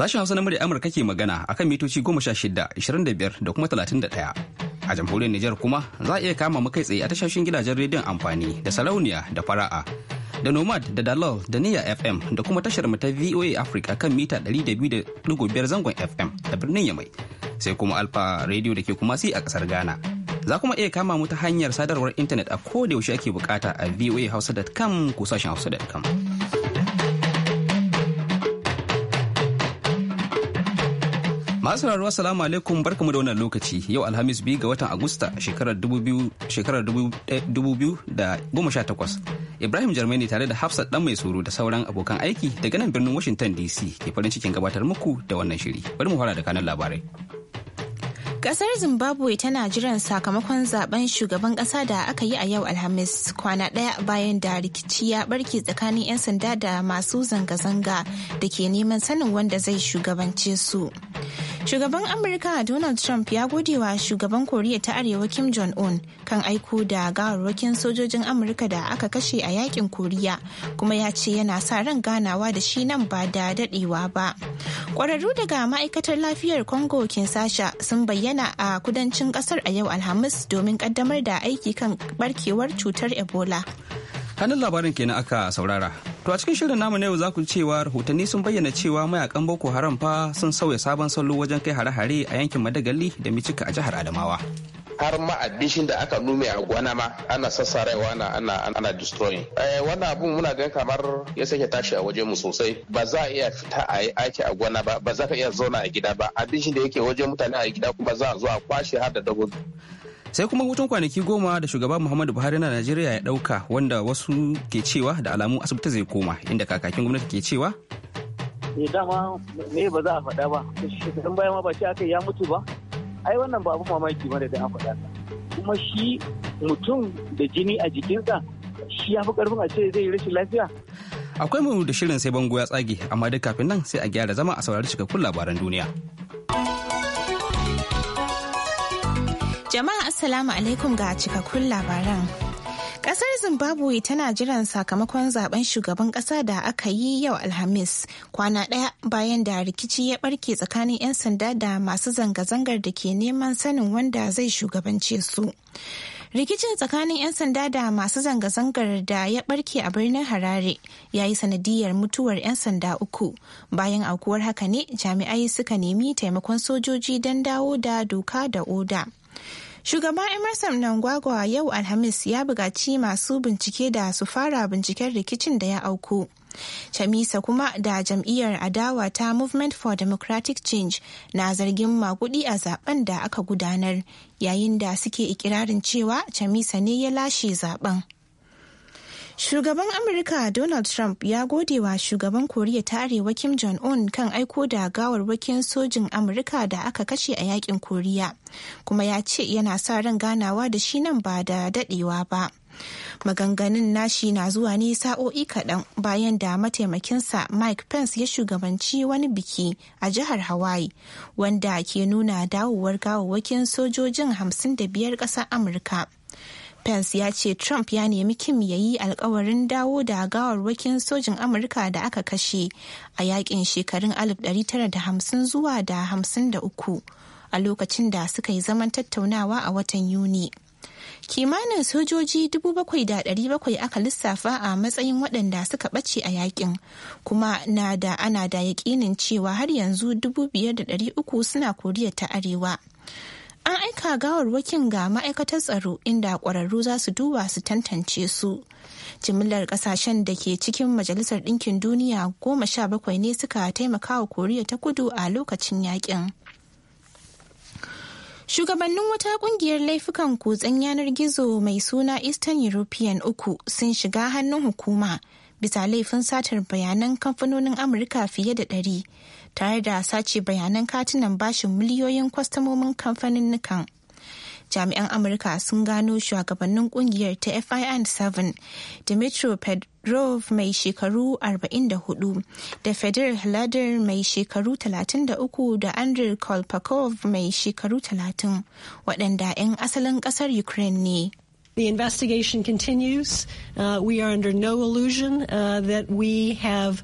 Sashen Hausa na murya Amurka ke magana a kan mitoci 16, 25 da kuma 31. A jamhuriyar Nijar kuma za a iya kama mu kai tsaye a tashoshin gidajen rediyon amfani da sarauniya da fara'a. Da Nomad da Dalol da Niyya FM da kuma tashar mu ta VOA Africa kan mita 200.5 zangon FM da birnin Yamai. Sai kuma Alfa Radio da ke kuma si a kasar Ghana. Za kuma iya kama mu ta hanyar sadarwar intanet a koda yaushe ake bukata a voahausa.com ko sashen hausa.com. Masu rarru assalamu alaikum barkamu da wannan lokaci yau Alhamis biyu ga watan Agusta shekarar 2018. Eh, Ibrahim Jarmai tare da Hafsat dan mai tsoro da sauran abokan aiki daga nan birnin Washington DC ke farin cikin gabatar muku da wannan shiri. Bari mu fara da kanan labarai. Kasar Zimbabwe tana jiran sakamakon zaben shugaban kasa da aka yi a yau Alhamis kwana ɗaya bayan da rikici ya barke tsakanin 'yan sanda da masu zanga-zanga da ke neman sanin wanda zai shugabance su. Shugaban Amurka Donald Trump ya gode wa shugaban Koriya ta Arewa Kim Jong-un kan aiko da gawarwakin sojojin Amurka da aka kashe a yakin Koriya kuma ya ce yana sa ran ganawa da shi nan ba da dadewa ba. Kwararru daga ma'aikatar lafiyar Congo Kinshasa sun bayyana a kudancin kasar a yau Alhamis domin kaddamar da aiki kan barkewar cutar Ebola. kanin labarin kenan aka saurara to a cikin shirin namu na yau za ku cewa rahotanni sun bayyana cewa mayakan boko haram fa sun sauya sabon salo wajen kai hare-hare a yankin madagali da micika a jihar adamawa har ma addishin da aka nume a gwana ma ana sassarewa ana ana ana destroying eh wannan abun muna ganin kamar ya sake tashi a waje mu sosai ba za a iya fita a yi aiki a gwana ba ba za ka iya zauna a gida ba addishin da yake waje mutane a gida kuma za a zo a kwashe har da dabobi sai kuma hutun kwanaki goma da shugaba muhammadu buhari na najeriya ya dauka wanda wasu ke cewa da alamu asibiti zai koma inda kakakin gwamnati ke cewa ne eh, dama ne ba za a faɗa ba shekarun bayan ba shi aka ya mutu ba ai wannan ba abin mamaki ba da da an faɗa kuma shi mutum da jini a jikinsa shi ya fi karfin a ce zai rashin lafiya akwai mu da shirin sai bango ya tsage amma duk kafin nan sai a gyara zama a saurari cikakkun labaran duniya. Jama'a Assalamu alaikum ga cikakkun labaran. Kasar Zimbabwe tana jiran sakamakon zaben shugaban kasa da aka yi yau Alhamis kwana ɗaya bayan da rikici ya barke tsakanin 'yan sanda da masu zanga-zangar da ke neman sanin wanda zai shugabance su. rikicin tsakanin 'yan sanda da masu zanga-zangar da ya barke a birnin harare ya yi sanadiyar mutuwar 'yan sanda uku bayan aukuwar haka ne jami'ai suka nemi taimakon sojoji don dawo da doka da oda Shugaban Emerson Nangwagwa yau Alhamis ya bugaci masu bincike da su fara binciken rikicin da ya auku. Chamisa kuma da jam'iyyar adawa ta Movement for Democratic Change na zargin makudi a zaben da aka gudanar yayin da suke ikirarin cewa Chamisa ne ya lashe zaben. Shugaban Amurka Donald Trump ya gode wa shugaban Koriya ta Arewa Kim Jong-un kan aiko da gawarwakin sojin Amurka da aka kashe a yakin Koriya, kuma ya ce yana sa ran ganawa da shi nan ba da dadewa ba. Maganganun nashi na zuwa ne sa'o'i kaɗan bayan da mataimakinsa Mike Pence ya shugabanci wani biki a jihar Hawaii wanda ke nuna dawowar gawawakin sojojin 55 ƙasar Amurka. Pence ya ce Trump ya nemi Kim ya yi alkawarin dawo da gawarwakin sojin Amurka da aka kashe a yakin shekarun 1950 zuwa da 53 a lokacin da suka yi zaman tattaunawa a watan Yuni. Kimanin sojoji 7,700 aka lissafa a matsayin waɗanda suka ɓace a yakin kuma na da ana da yakinin cewa har yanzu 5,300 suna koriya ta arewa. an aika gawarwakin ga ma'aikatar tsaro inda ƙwararru za su duba su tantance su jimillar kasashen da ke cikin majalisar ɗinkin duniya goma sha bakwai ne suka taimaka wa koriya ta kudu a lokacin yakin shugabannin wata kungiyar laifukan kutsen yanar gizo mai suna eastern european uku sun shiga hannun hukuma bisa laifin satar bayanan kamfanonin amurka fiye da ɗari tare da sace bayanan katunan bashin miliyoyin kwastamomin kamfanin nukan. jami'an amurka sun gano shugabannin kungiyar ta fin7 dimitro pedrov mai shekaru 44 da Federer hladar mai shekaru 33 da andriy kolpakov mai shekaru 30 waɗanda 'yan asalin ƙasar ukraine ne The investigation continues. Uh, we are under no illusion uh, that we have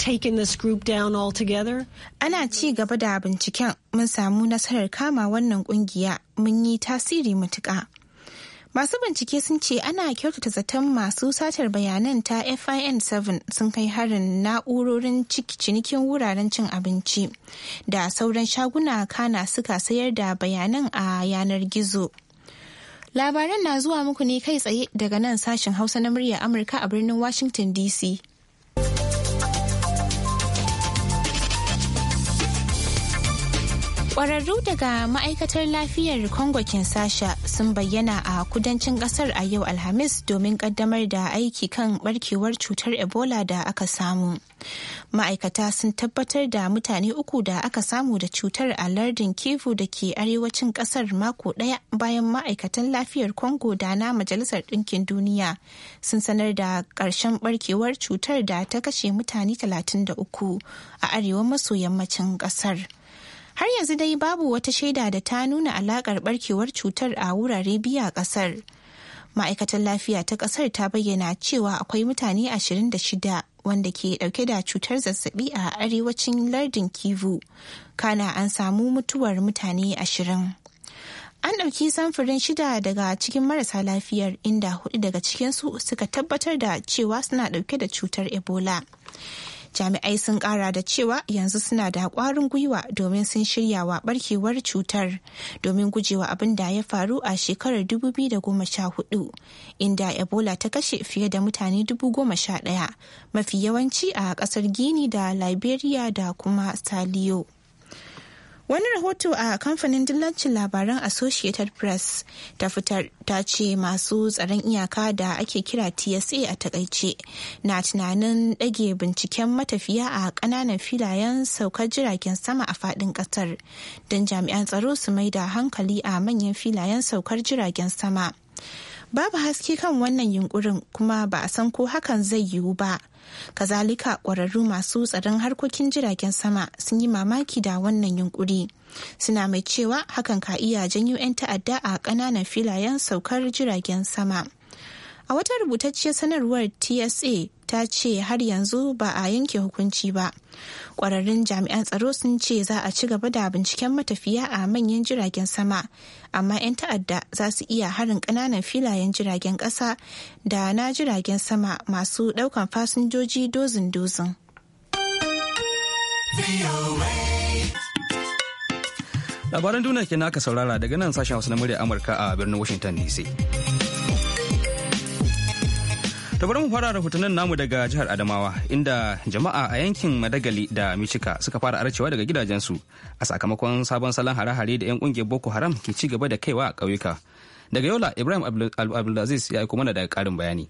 taken this group down altogether? Ana ci gaba da binciken mun samu nasarar kama wannan kungiya mun yi tasiri matuƙa. Masu bincike sun ce ana kyautata zaton masu satar bayanan ta FIN7 sun kai harin na'urorin cinikin wuraren cin abinci da sauran shaguna kana suka sayar da bayanan a yanar gizo. Labaran na zuwa muku ne kai tsaye daga nan sashen Hausa na murya Amurka a birnin Washington DC. Kwararru daga ma'aikatar lafiyar Congo Kinshasa sun bayyana a kudancin ƙasar a yau Alhamis domin ƙaddamar da aiki kan barkewar cutar Ebola da aka samu. Ma'aikata sun tabbatar da mutane uku da aka samu da cutar a lardin Kivu da ke arewacin ƙasar mako ɗaya bayan ma'aikatan lafiyar Congo da na Majalisar Ɗinkin Duniya sun sanar da ƙarshen barkewar cutar da ta kashe mutane 33 a arewa maso yammacin ƙasar. har yanzu dai babu wata shaida da ta nuna alaƙar barkewar cutar a wurare biya ƙasar ma'aikatar lafiya ta ƙasar ta bayyana cewa akwai mutane 26 wanda ke ɗauke da cutar zazzabi a arewacin lardin kivu kana an samu mutuwar mutane 20 an ɗauki samfurin shida daga cikin marasa lafiyar inda hudu daga cikinsu suka tabbatar da cewa suna ɗauke da cutar ebola jami'ai sun kara da cewa yanzu suna da kwarin gwiwa domin sun shirya wa barkewar cutar domin gujewa abin da ya faru a shekarar 2014 inda ebola ta kashe fiye da mutane 11,000 mafi yawanci a kasar gini da liberia da kuma saliyo. Wani rahoto a kamfanin dillancin labaran Associated Press ta fitar ta ce masu tsaron iyaka da ake kira TSA a takaice na tunanin dage binciken matafiya a ƙananan filayen saukar jiragen sama a faɗin ƙasar don jami'an tsaro su mai da hankali a manyan filayen saukar jiragen sama. Babu haske kan wannan yunkurin kuma ba a san ko hakan zai yiwu ba Kazalika ƙwararru masu tsaron harkokin jiragen sama sun yi mamaki da wannan yunkuri. Suna mai cewa hakan ka iya janyo 'yan ta'adda a ƙananan filayen saukar jiragen sama. A wata rubutacciyar sanarwar TSA ta ce har yanzu ba a yanke hukunci ba kwararrun jami'an tsaro sun ce za a ci gaba da binciken matafiya a manyan jiragen sama amma 'yan ta'adda za su iya harin ƙananan filayen jiragen ƙasa da na jiragen sama masu ɗaukan fasinjoji dozin-dozin. labaran duniya kenan aka saurara daga nan sashen hausa na murya amurka a birnin washington dc da bari mu fara namu daga jihar adamawa inda jama'a a yankin madagali da michika suka fara arcewa daga gidajensu a sakamakon sabon salon hare-hare da 'yan kungiyar boko haram ke ci gaba da kaiwa a ƙauyuka daga yola ibrahim abdulaziz ya aiko mana daga ƙarin bayani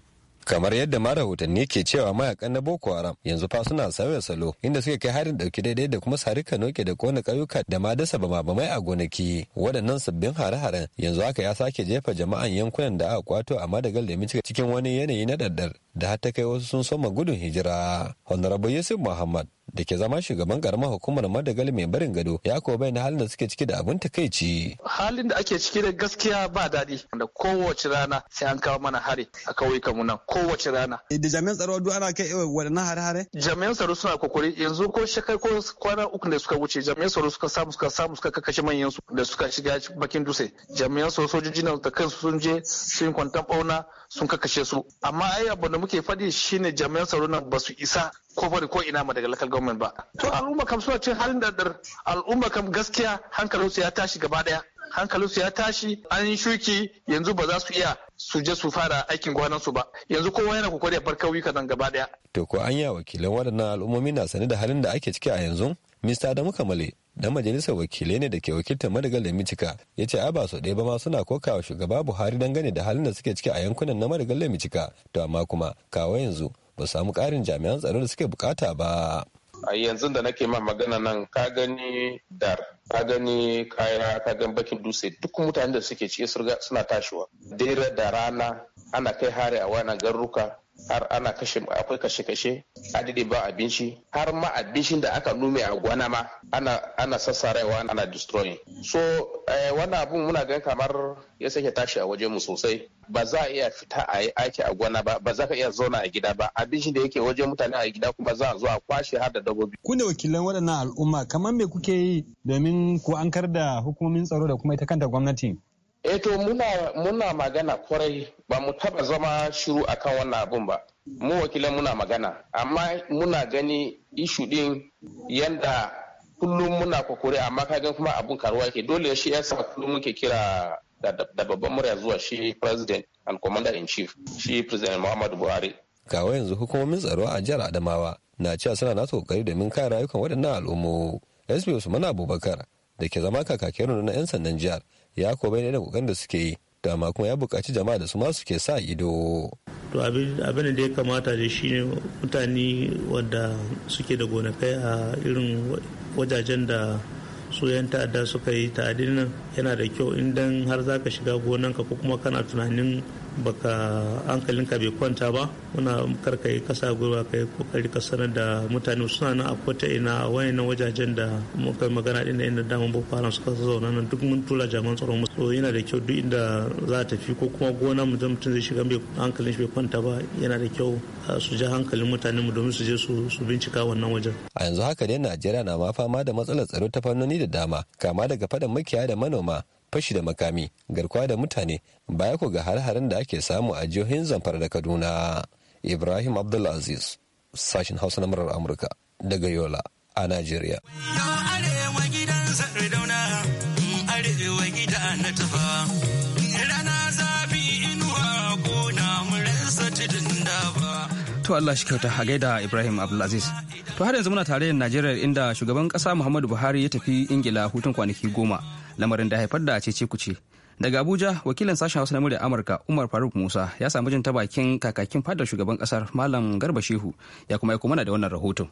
kamar yadda ma rahotanni ke cewa mayakan na boko haram yanzu fa suna sauya salo inda suke kai harin dauki daidai da kuma sarika noke da kona kayuka da ma dasa ba bamai a gonaki waɗannan sabbin hare-haren yanzu haka ya sake jefa jama'an yankunan da aka kwato a madagal da mincika cikin wani yanayi na daddar da har ta kai wasu sun soma gudun hijira honorable yusuf muhammad da ke zama shugaban karamar hukumar madagali mai barin gado ya kuwa bayyana halin da suke ciki da abin takaici. Halin da ake ciki da gaskiya ba daɗi da kowace rana sai an kawo mana hari a kauyukan mu nan kowace rana. Eh, da jami'an tsaro duk ana kai eh, waɗannan hare-hare? Jami'an tsaro suna kokari yanzu ko shekar ko kwana uku da suka wuce jami'an tsaro suka samu suka samu suka kakkashe manyan su da suka shiga bakin dutse. Jami'an tsaro sojoji nan da kansu sun je sun kwantan bauna sun kakkashe su. Amma ai abu da muke faɗi shine jami'an tsaro nan ba su isa ko bari ko ina ma daga local government ba to al'umma kam suna cin halin da al'umma kam gaskiya hankalinsu ya tashi gaba daya hankalinsu ya tashi an yi shuki yanzu ba za su iya su je su fara aikin gwanansu ba yanzu kowa yana kokari ya bar kauyuka nan gaba daya to ko an yi wakilan waɗannan al'ummomi na sane da halin da ake ciki a yanzu Mr. Adamu Kamale da majalisar wakilai ne da ke wakiltar madagal da micika ya ce a ba su ɗaya ba ma suna kokawa shugaba buhari dangane da halin da suke ciki a yankunan na madagal da micika to amma kuma kawo yanzu ba samu ƙarin jami'an tsaro da suke bukata ba. a yanzu da nake ma magana nan ka gani dar ka gani kaya ka gani bakin dutse duk mutanen da suke ciki suna tashiwa dare da rana ana kai hari a wannan garuruka har ana kashe akwai kashe-kashe adadin ba abinci har ma abincin da aka nume a gwana ma ana ana sassarewa ana destroying so eh, wannan abun muna gan kamar ya sake tashi a waje mu sosai ba za a iya fita a yi aiki a gwana ba ba za ka iya zauna a gida ba abincin da yake waje mutane a gida kuma za a zo a kwashe har da dabbobi ku ne wakilan waɗannan al'umma kamar me kuke yi domin ku ankar da hukumomin tsaro da kuma ita kanta gwamnati eh to muna muna magana kwarai ba mu taba zama shiru akan wannan abun ba mu wakilan muna magana amma muna gani ishu din yadda kullum muna kokore amma ka gan kuma abun karuwa yake dole shi ya sa kullum muke kira da babban murya zuwa shi president and commander in chief shi president muhammadu buhari kawo yanzu hukumomin tsaro a jihar adamawa na cewa suna nasu kokari domin kare rayukan waɗannan al'ummu yanzu usman abubakar da ke zama kakakin na 'yan sandan jihar ya ko bai da kokarin da suke yi dama kuma ya buƙaci jama'a da su ma suke sa ido to abin da ya kamata da shine mutane wadda suke da gonakai a irin wajajen da su yan ta'adda suka yi ta'adin nan yana da kyau idan har zaka shiga gonanka ko kuma kana tunanin baka hankalinka bai kwanta ba muna karka yi kasa gurba ka yi kokari ka sanar da mutane suna nan a kota ina wani na wajajen da muka magana din da inda daman boko haram suka zauna nan duk mun tura jaman tsaron mu so yana da kyau duk inda za a tafi ko kuma gona mu mutum zai shiga hankalin shi bai kwanta ba yana da kyau ah, su ja hankalin mutane mu domin su je su bincika wannan wajen a yanzu haka dai Najeriya na ma fama da matsalar tsaro ta fannoni da dama kama daga fadan makiya da manoma fashi da makami garkuwa da mutane baya ko ga har-haren da ake samu a jihohin zamfara da kaduna ibrahim abdulaziz sashen hausa na murar amurka daga yola a najeriya to Allah shi kyauta a gaida Ibrahim Abdulaziz. To har yanzu muna tare da Najeriya inda shugaban kasa Muhammadu Buhari ya tafi Ingila hutun kwanaki goma lamarin da haifar da cece kuce. Daga Abuja wakilin sashen Hausa na murya Amurka Umar Faruk Musa ya samu jin ta bakin kakakin fadar shugaban kasar Malam Garba Shehu ya kuma aiko mana da wannan rahoton.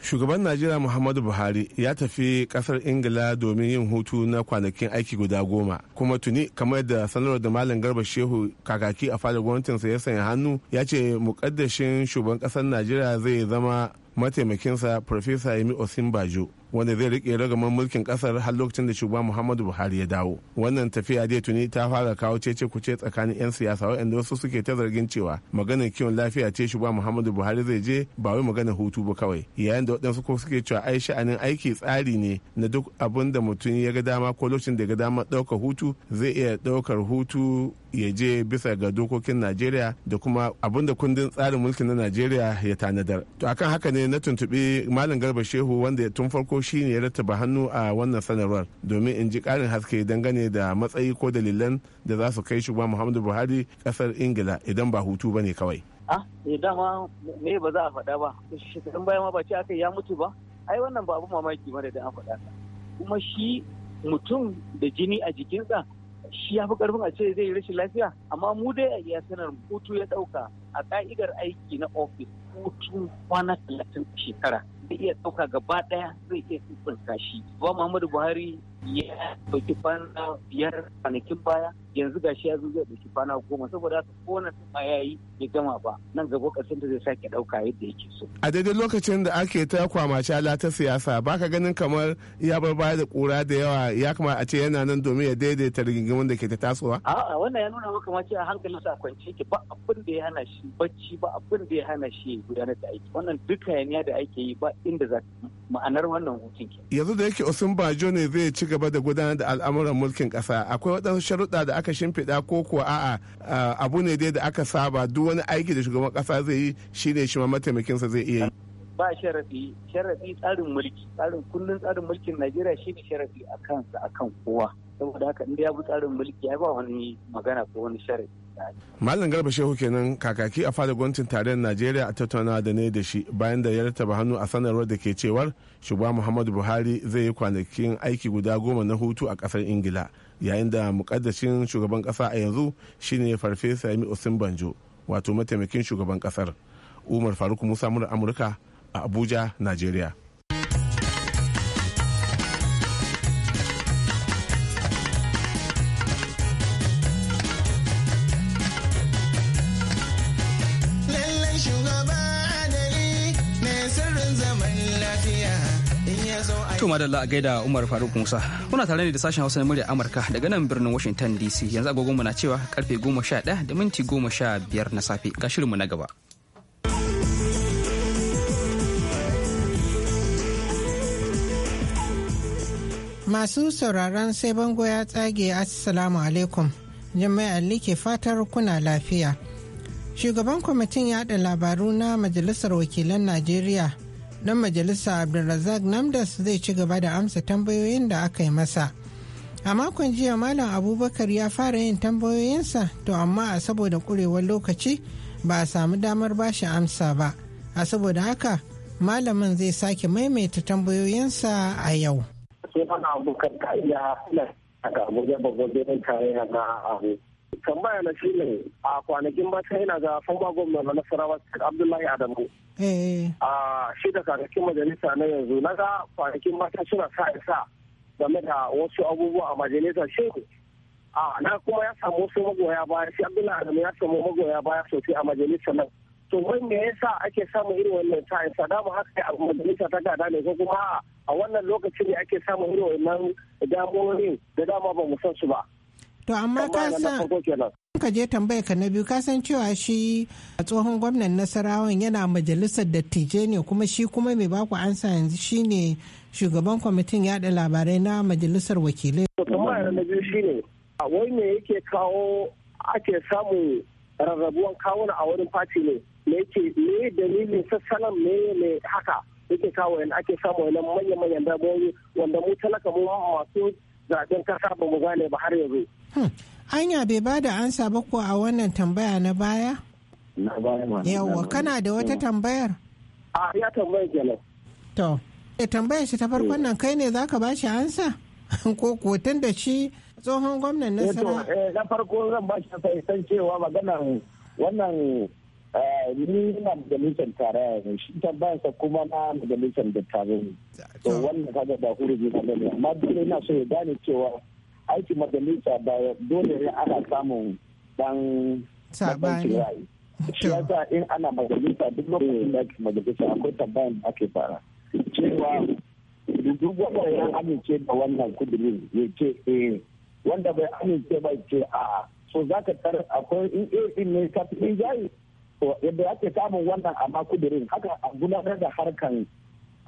shugaban najeriya muhammadu buhari ya tafi kasar ingila domin yin hutu na kwanakin aiki guda goma kuma tuni kamar da sanarwar da malam garba shehu kakaki a fadar gwamnatinsa ya sanya hannu ya ce mukaddashin shugaban kasar najeriya zai zama mataimakinsa profesa yemi osimbajo. wanda zai rike ragaman mulkin kasar har lokacin da shugaba muhammadu buhari ya dawo wannan tafiya dai tuni ta fara kawo cece kuce tsakanin 'yan siyasa waɗanda wasu suke ta zargin cewa maganar kiwon lafiya ce shugaba muhammadu buhari zai je ba wai maganar hutu ba kawai yayin da waɗansu ko suke cewa ai sha'anin aiki tsari ne na duk abin da mutum ya ga dama ko lokacin da ya ga dama ɗaukar hutu zai iya ɗaukar hutu ya je bisa ga dokokin najeriya da kuma abin da kundin tsarin mulkin na najeriya ya tanadar to akan haka ne na tuntuɓi malam garba shehu wanda tun farko shi shine ya rattaba hannu a wannan sanarwar domin in ji karin haske dangane da matsayi ko dalilan da za su kai shugaban muhammadu buhari kasar ingila idan ba hutu ba ne kawai ah eh, ba za a faɗa ba shekarun baya ma ba ce aka ya mutu ba ai wannan ba abun mamaki ba da an faɗa kuma shi mutum da jini a jikinsa shi ya fi karfin a ce zai yi rashin lafiya amma mu dai a iya sanar hutu ya ɗauka a ka'idar aiki na ofis hutun kwana talatin shekara zai iya ɗauka gaba ɗaya zai iya tsintsinka kashi. Ba Muhammadu Buhari ya ɗauki fana biyar kwanakin baya yanzu gashi ya zo zai ɗauki kwana goma saboda haka ko na ma ya yi bai gama ba nan gaba ƙasar da zai sake ɗauka yadda yake so. A daidai lokacin da ake ta kwamace ala ta siyasa baka ganin kamar ya bar baya da ƙura da yawa ya kama a ce yana nan domin ya daidaita rigingimin da ke ta tasowa. A'a wannan ya nuna maka mace a hankalin sa kwance yake ba abin da ya hana shi bacci ba abin da ya hana shi gudanar da aiki wannan duka yaniya da ake yi ba inda za ma'anar wannan hutun ke. Yanzu da yake Osun Bajo ne zai ci gaba da gudanar da al'amuran mulkin ƙasa akwai waɗansu sharuɗa da aka aka shimfiɗa ko kuwa a'a abu ne dai da aka saba duk wani aiki da shugaban ƙasa zai yi shine shi ma mataimakinsa zai iya yi. ba sharafi sharafi tsarin mulki tsarin kullum tsarin mulkin najeriya ne sharafi a kansa a kan kowa saboda haka inda ya bi tsarin mulki ya ba wani magana ko wani sharafi Malam Garba Shehu kenan kakaki a fada gwamnatin tarayyar Najeriya a tattaunawa da ne da shi bayan da ya rataba hannu a sanarwar da ke cewar shugaba Muhammadu Buhari zai yi kwanakin aiki guda goma na hutu a kasar Ingila. yayin da mukaddashin shugaban kasa a yanzu shine farfesa yami osin banjo wato mataimakin shugaban kasar umar faruk musa mura amurka a abuja nigeria madalla a gaida Umar Faruk Musa. Kuna tare ne da sashen Hausa na murya Amurka daga nan birnin Washington DC. Yanzu mu na cewa karfe 11 da minti 15 na safe. Ga shirinmu na gaba. Masu sauraron sai bango ya tsage Assalamu alaikum. Jami'a Ali ke fatar kuna lafiya. Shugaban kwamitin yada labaru na Majalisar Wakilan Najeriya dan majalisa abdulrazak namdas zai ci gaba da amsa tambayoyin da aka yi masa a makon jiya malam abubakar ya fara yin tambayoyinsa to amma a saboda kurewar lokaci ba a samu damar bashi amsa ba a saboda haka malamin zai sake maimaita tambayoyinsa a yau. abubakar iya a babban na abu tambaya na shi ne a kwanakin ba yana ga famba gwamna na nasarawa abdullahi adamu eh, eh. a shi da kwanakin majalisa na yanzu na ga kwanakin ba suna sa isa game da wasu abubuwa a majalisa shi a na kuma ya samu wasu magoya baya shi abdullahi adamu ya samu magoya baya sosai a majalisa nan to wai me yasa ake samun irin wannan sa isa dama haka a majalisa ta gada ne ko kuma a wannan lokacin ne ake samun irin wannan damuwoyin da dama ba mu san su ba To amma ka san ka je tambaya ka na biyu ka san cewa shi a tsohon gwamnan Nasarawan yana majalisar dattijai ne kuma shi kuma mai baku an sa yanzu shi ne shugaban kwamitin yada labarai na majalisar wakilai. Tambaya na biyu shine wai me yake kawo ake samun rarrabuwan kawuna a wurin fati ne me yake me dalilin sassanan me ne haka yake kawo yana ake samu wani manya-manyan damuwoyi wanda mu talaka mu masu zaben kasa ba mu gane ba har yanzu. Hmm. anya bai ba da ansa ba ko a wannan tambaya na baya na baya ma kana da wata hmm. tambayar a ya tambayar ke to e tambayar shi ta farkon eh. nan kai ne ka ba shi ansa ko ko da shi tsohon gwamnan eh, na eh na farko zan ba shi san cewa maganar wannan ni na majalisar tare ne shi sa kuma na majalisar da tare ne to wannan kaga ba hurumi na bane amma dole ina so ya gane cewa aiki majalisa ba dole ne ana samun dan sabani shi yasa in ana majalisa duk lokacin da ake majalisa akwai tambayan da ake fara cewa duk wanda ya amince da wannan kudirin ya ce eh wanda bai amince ba ya ce a so za ka tar akwai in a din ne ka fi jayi to yadda ake samun wannan amma kudirin haka a gudanar da harkan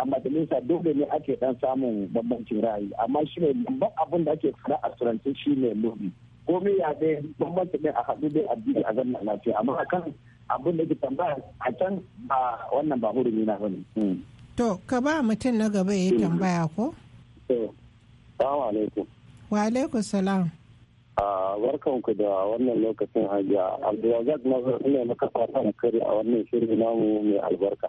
a majalisa dole ne ake dan samun bambancin ra'ayi amma shi ne babban abin da ake fara a turanci shi ne lobi komai ya dai bambanci ne a haɗu dai addini a zanna lafiya amma akan abin da ke tambaya a can ba wannan ba hurumi na bane. Hmm. to ka ba mutum na gaba ya hmm. tambaya ko. salamu alaikum. wa alaikum salam. Ah, barkan ku da wannan lokacin hajiya abdulrazak na ne maka fatan kare a wannan shirin namu mai albarka.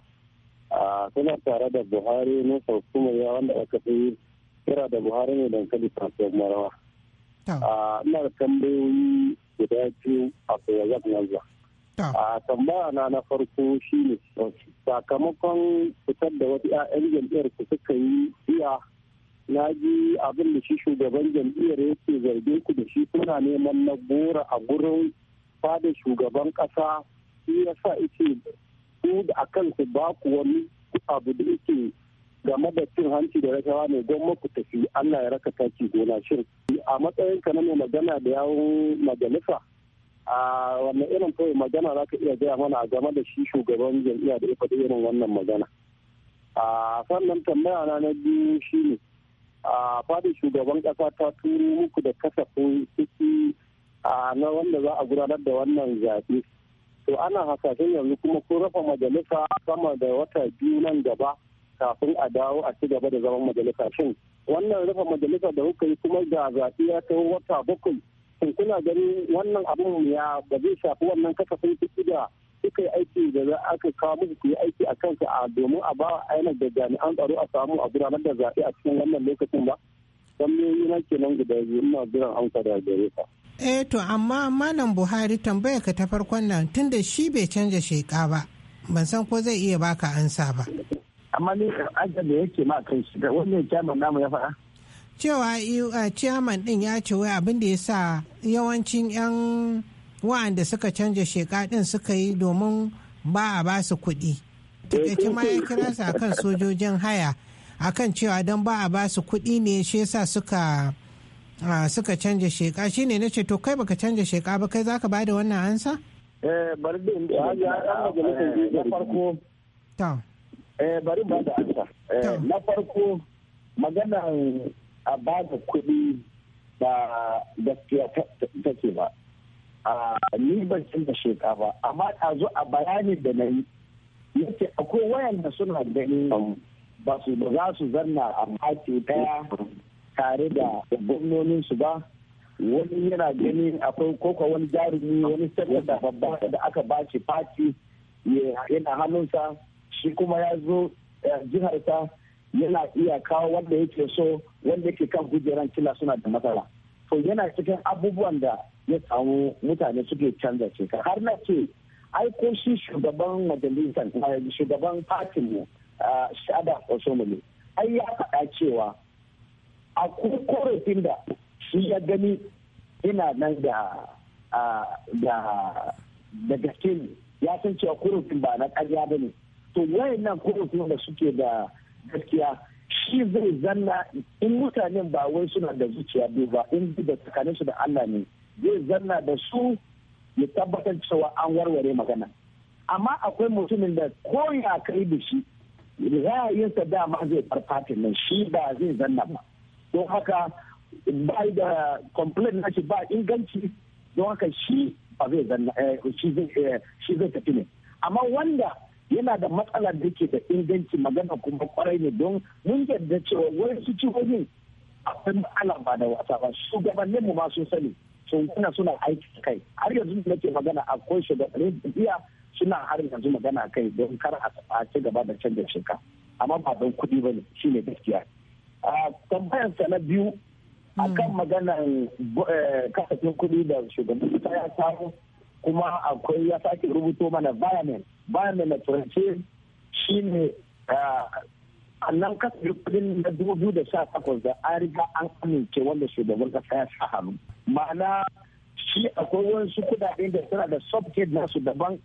suna tare da buhari na kuma ya wanda aka fi kira da buhari ne dankali kasuwar marawa ina da tambayoyi guda biyu a koyayyar nazar a tambaya na na farko shi ne sakamakon fitar da wata 'ya'yan jam'iyyar ku suka yi iya na ji abin da shi shugaban jam'iyyar yake zargin ku da shi suna neman na gora a gurin fada shugaban ƙasa shi ya sa ice su da a kansu ba ku wani abu da yake game da cin hanci da rashawa ne gwamma ku tafi Allah ya raka taki gona shirin. A matsayin ka na mai magana da yawon majalisa a wannan irin kawai magana za ka iya gaya mana a game da shi shugaban jam'iyya da ya faɗi irin wannan magana. A sannan tambaya na na biyu shi ne a faɗin shugaban ƙasa ta turo muku da kasafin ciki na wanda za a gudanar da wannan zaɓe. to ana hasashen yanzu kuma ko rafa majalisa sama da wata biyu nan gaba kafin a dawo a ci gaba da zaman majalisa shin wannan rufe majalisa da kuka yi kuma ga zaɓe ya kai wata bakwai shin kuna ganin wannan abin ya ba zai shafi wannan kasafin kuɗi da suka yi aiki da za aka kawo musu su yi aiki a kansu a domin a ba ainihin da jami'an tsaro a samu a gudanar da zaɓe a cikin wannan lokacin ba don me yana kenan guda biyu ina jiran amsa da gare ka. eh to amma malam buhari tambaya ka ta farkon nan tunda shi bai canja sheka ba ban san ko zai iya baka ansa ba amma ne ajar da yake ma kan shi wannan jami'an namu ya faɗa cewa uh, chairman din ya ce wai abin da ya sa yawancin 'yan wa'anda suka canja sheka din suka yi domin ba a ba su kuɗi. Takaice ma ya kira su akan sojojin haya akan cewa don ba a ba su kuɗi ne shi yasa suka Ah, suka canja sheka shi ne na ce to kai baka canja sheka ba kai zaka bada wannan ansa eh bari da inda ya ga majalisar eh, na farko ta eh bari ba da ansa eh, na farko magana a ba da kuɗi ba gaskiya ce ba a ah, ni ban canza sheka ba amma a zo a bayanin da na yi yace akwai wayanda suna ganin ba su ba za su zanna a mati daya tare da su ba wani yana gani akwai koko wani jarumi wani da babba da aka ba shi fati yana hannunsa shi kuma ya zo eh, jiharsa yana iya kawo wanda yake so wanda yake kan kujeran kila suna da matsala to yana cikin abubuwan da ya samu mutane suke canza shekar har na ce ai ko shi shugaban majalisar eh, shugaban fatin mu ah, shada osomole ai ya faɗa cewa a korafin da shi ya gani ina nan da da gaske ne ya san cewa korafin ba na karya ba ne to wayannan korafin da suke da gaskiya shi zai zanna in mutanen ba wai suna da zuciya biyu ba in da tsakanin su da Allah ne zai zanna da su ya tabbatar cewa an warware magana amma akwai mutumin da koya kai da shi ra'ayinsa dama zai farfafin nan shi ba zai zanna ba don haka ba da complain nashi ba inganci don haka shi ba zai zanna eh, eh, shi zai tafi ne amma wanda yana da matsalar da ke da inganci magana kuma kwarai ne don mun yadda cewa wani su jihohin akwai matsala ba da wasa ba shugabannin mu ma sun sani sun kuna suna aiki kai har yanzu da nake magana akwai shugabannin tafiya suna har yanzu magana kai don kar a ci gaba da canjin shekara amma ba don kuɗi ba ne shine gaskiya a tambayarsa na biyu a kan hmm. maganar eh, kasafin kuɗi da shugaban kasa ya samu kuma akwai ya sake rubuto mana bayanin bayanin na turance eh, a nan kasafin kuɗin na dubu biyu da sha takwas da an riga an amince wanda shugaban kasa ya sa hannu ma'ana shi akwai wasu kuɗaɗe da suna da subject nasu daban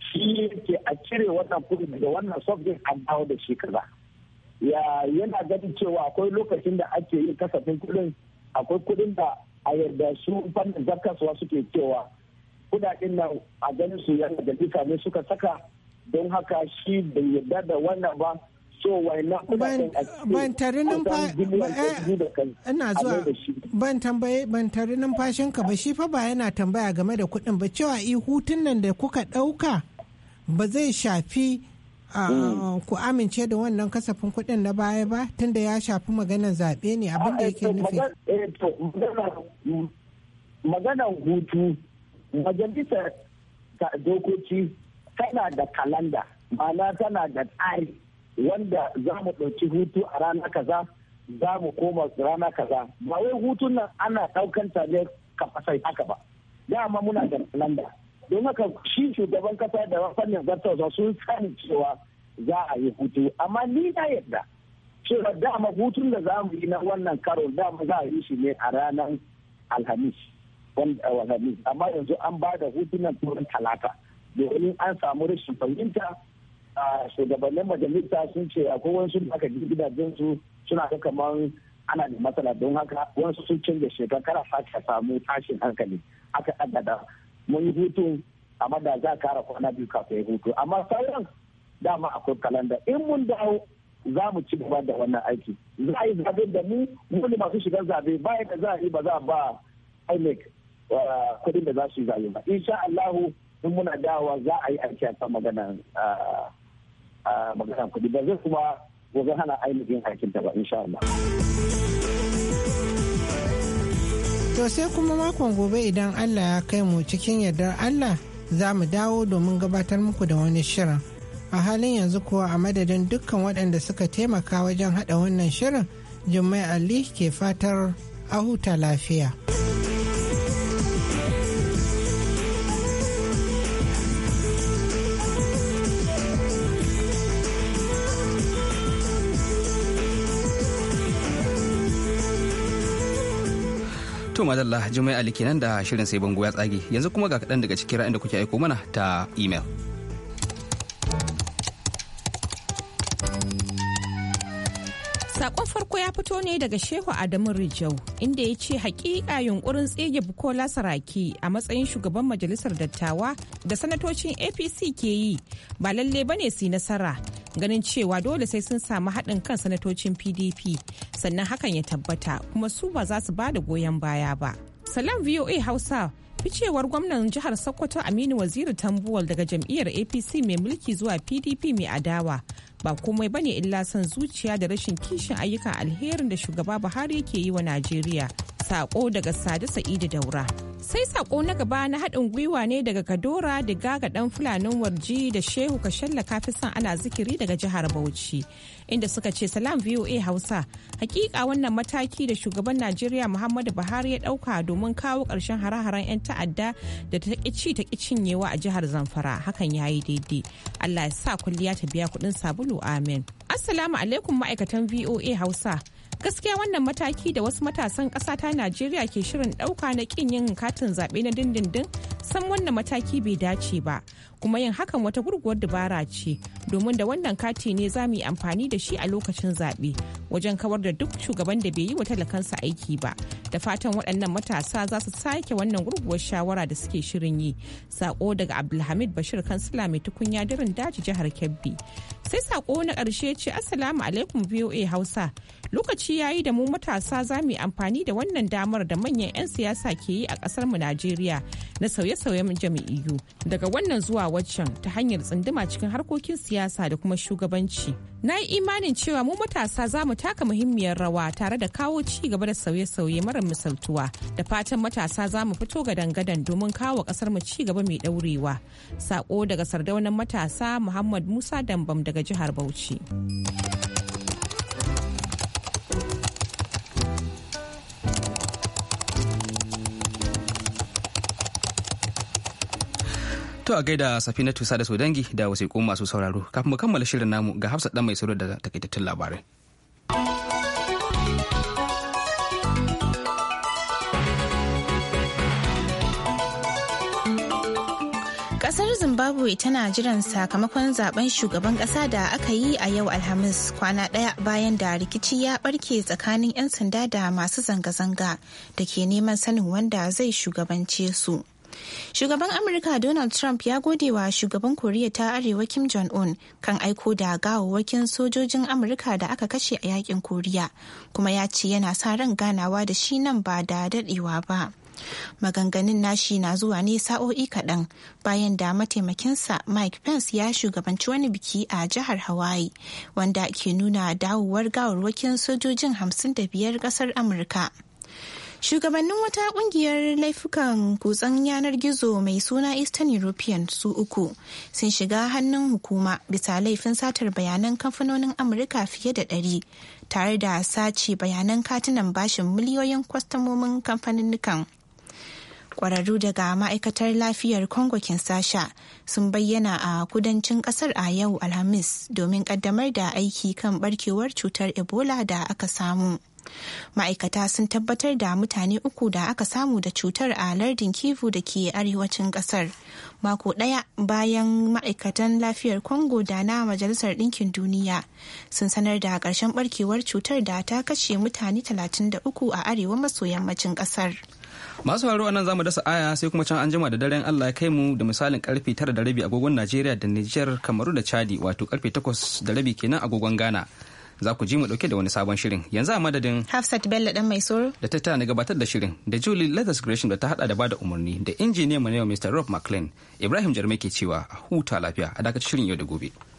shi yake a cire wannan kuɗi daga wannan subject an dawo da shi kaza. ya yana ganin cewa akwai lokacin da ake yin kasafin kudin akwai kudin da a yarda su fannin zakaswa suke cewa kudaden nan a ganin su da majalisa ne suka saka don haka shi bai yarda da wannan ba so na kudaden a ban eh, ban tambaye ban tare numfashin ka ba shi fa ba yana tambaya game da kuɗin ba cewa i hutun nan da kuka ɗauka ba zai shafi Ah, ku amince da wannan kasafin kuɗin na baya ba tunda ya shafi maganar zaɓe ne abin da yake nufi. Ah, eh, maganar hutu majalisar dokoki tana da kalanda ma'ana tana da tsari wanda za mu ɗauki hutu a rana kaza za mu koma rana kaza ba wai hutun nan ana ɗaukan ta ne kafasai haka ba dama muna da kalanda don haka shi shugaban kasa da fannin zartarsa sun sani cewa za a yi hutu amma ni na yadda cewa dama hutun da za mu yi na wannan karo dama za a yi shi ne a ranar alhamis amma yanzu an ba da hutunan turin talata domin an samu rashin fahimta a shugabannin majalisa sun ce akwai wasu da aka gidajen su suna ga kamar ana da matsala don haka wasu sun canza shekara kara sake samu tashin hankali aka ɗaga mun yi hutu amma da za a kara kwana biyu kafin ya hutu amma sauran dama akwai kalanda in mun dawo za mu ci gaba da wannan aiki za a yi zabe da mu mu masu shiga zabe bayan da za a yi ba za a ba INEC eh, kudin da za su yi zabe ba insha Allahu in muna dawowa za a yi aiki a kan maganan eh, eh, maganan kudi ba zai kuma gobe hana yin aikin ta ba insha Allah. To sai kuma makon gobe idan Allah ya kai mu cikin yardar Allah za mu dawo domin gabatar muku da wani shirin. A halin yanzu kuwa a madadin dukkan waɗanda suka taimaka wajen haɗa wannan shirin, Jummai Ali ke fatar a huta lafiya. To madalla Jumai Ali kenan da shirin sai bango ya tsage yanzu kuma ga kaɗan daga cikin ra'ayin da kuke aiko mana ta email. Sakon farko ya fito ne daga Shehu Adamu Rijau inda ya ce hakika yunƙurin tsege Bukola Saraki a matsayin shugaban majalisar dattawa da sanatocin APC ke yi ba lalle bane su nasara ganin cewa dole sai sun samu haɗin kan sanatocin pdp sannan hakan ya tabbata kuma su ba za su bada goyon baya ba salam voa hausa ficewar gwamnan jihar sokoto aminu waziri tambuwal daga jam'iyyar apc mai mulki zuwa pdp mai adawa ba komai bane illa son zuciya da rashin kishin ayyukan alherin da shugaba buhari ke yi wa najeriya Sako daga Sadu Sa'idu Daura. Sai sako na gaba na haɗin gwiwa ne daga Kadora da gaga ɗan Fulanin Warji da Shehu Kashalla san ana zikiri daga jihar Bauchi. Inda suka ce salam VOA Hausa. Hakika wannan mataki da shugaban Najeriya Muhammadu Buhari ya ɗauka domin kawo ƙarshen hare-haren 'yan ta'adda da ta ƙici ta cinyewa a jihar Zamfara. Hakan ya yi daidai. Allah ya sa kulliya ta biya kuɗin sabulu. Amin. Assalamu alaikum ma'aikatan VOA Hausa. gaskiya wannan mataki da wasu matasan ƙasa ta najeriya ke shirin ɗauka na ƙin yin katin zaɓe na dindindin san wannan mataki bai dace ba kuma yin hakan wata gurguwar dabara ce domin da wannan kati ne za mu yi amfani da shi a lokacin zaɓe wajen kawar da duk shugaban da bai yi wa talakansa aiki ba da fatan waɗannan matasa za su sake wannan gurguwar shawara da suke shirin yi sako daga abdulhamid bashir kansila mai tukunya dirin daji jihar kebbi sai sako na ƙarshe ce assalamu alaikum voa hausa lokaci yayi da mu matasa za mu yi amfani da wannan damar da manyan 'yan siyasa ke yi a ƙasar mu najeriya na sauye-sauyen jam'iyyu daga wannan zuwa waccan ta hanyar tsunduma cikin harkokin siyasa da kuma shugabanci. Na yi imanin cewa mu matasa za mu taka muhimmiyar rawa tare da kawo ci gaba da sauye-sauye mara misaltuwa da fatan matasa za mu fito ga dangadan domin kawo kasar mu ci gaba mai daurewa. Sako daga sardaunan matasa Muhammad Musa Dambam daga jihar Bauchi. To a gaida safina tusa da dangi da wasiƙu masu sauraro kafin mu kammala shirin namu ga hafsa dan mai sauro da takaitattun labarai. kasar zimbabwe tana jiran sakamakon zaben shugaban kasa da aka yi a yau alhamis kwana ɗaya bayan da rikici ya barke tsakanin 'yan sanda da masu zanga-zanga da ke neman sanin wanda zai shugabance su Shugaban Amurka Donald Trump ya gode wa shugaban Koriya ta Arewa Kim Jong-un kan aiko da gawawakin sojojin Amurka da aka kashe a yakin Koriya, kuma ya ce yana sa ran ganawa da shi nan ba da dadewa ba. Maganganun nashi na zuwa ne sa'o'i kaɗan bayan da mataimakinsa Mike Pence ya shugabanci wani biki a jihar Hawaii wanda ke nuna dawowar gawarwakin sojojin 55 ƙasar Amurka. Shugabannin wata kungiyar laifukan kutsan yanar gizo mai suna Eastern European su uku sun shiga hannun hukuma bisa laifin satar bayanan kamfanonin Amurka fiye da ɗari tare da sace bayanan katunan bashin miliyoyin kwastamomin kamfanin Kwararru daga ma'aikatar lafiyar Congo Kinsasha sun bayyana a kudancin kasar a yau Alhamis domin kaddamar da aiki kan barkewar cutar Ebola da aka samu. Ma'aikata sun tabbatar da mutane uku da aka samu da cutar a lardin Kivu da ke arewacin kasar. Mako ɗaya bayan ma'aikatan lafiyar Congo da na Majalisar Ɗinkin Duniya sun sanar da ƙarshen barkewar cutar da ta kashe mutane 33 a arewa maso yammacin ƙasar. masu haro anan zamu dasa aya sai kuma can an jima da daren Allah ya kai mu da misalin karfe tara da rabi agogon Najeriya da Nijar Kamaru da Chadi wato karfe takwas da rabi kenan agogon Ghana za ku ji mu dauke da wani sabon shirin yanzu a madadin Hafsat Bello dan mai soro da ta tana gabatar da shirin da Julie Leathers Gresham da ta hada da bada umarni da injiniya mu ne Mr. Rob McLean Ibrahim Jarme ke cewa a huta lafiya a dakatar shirin yau da gobe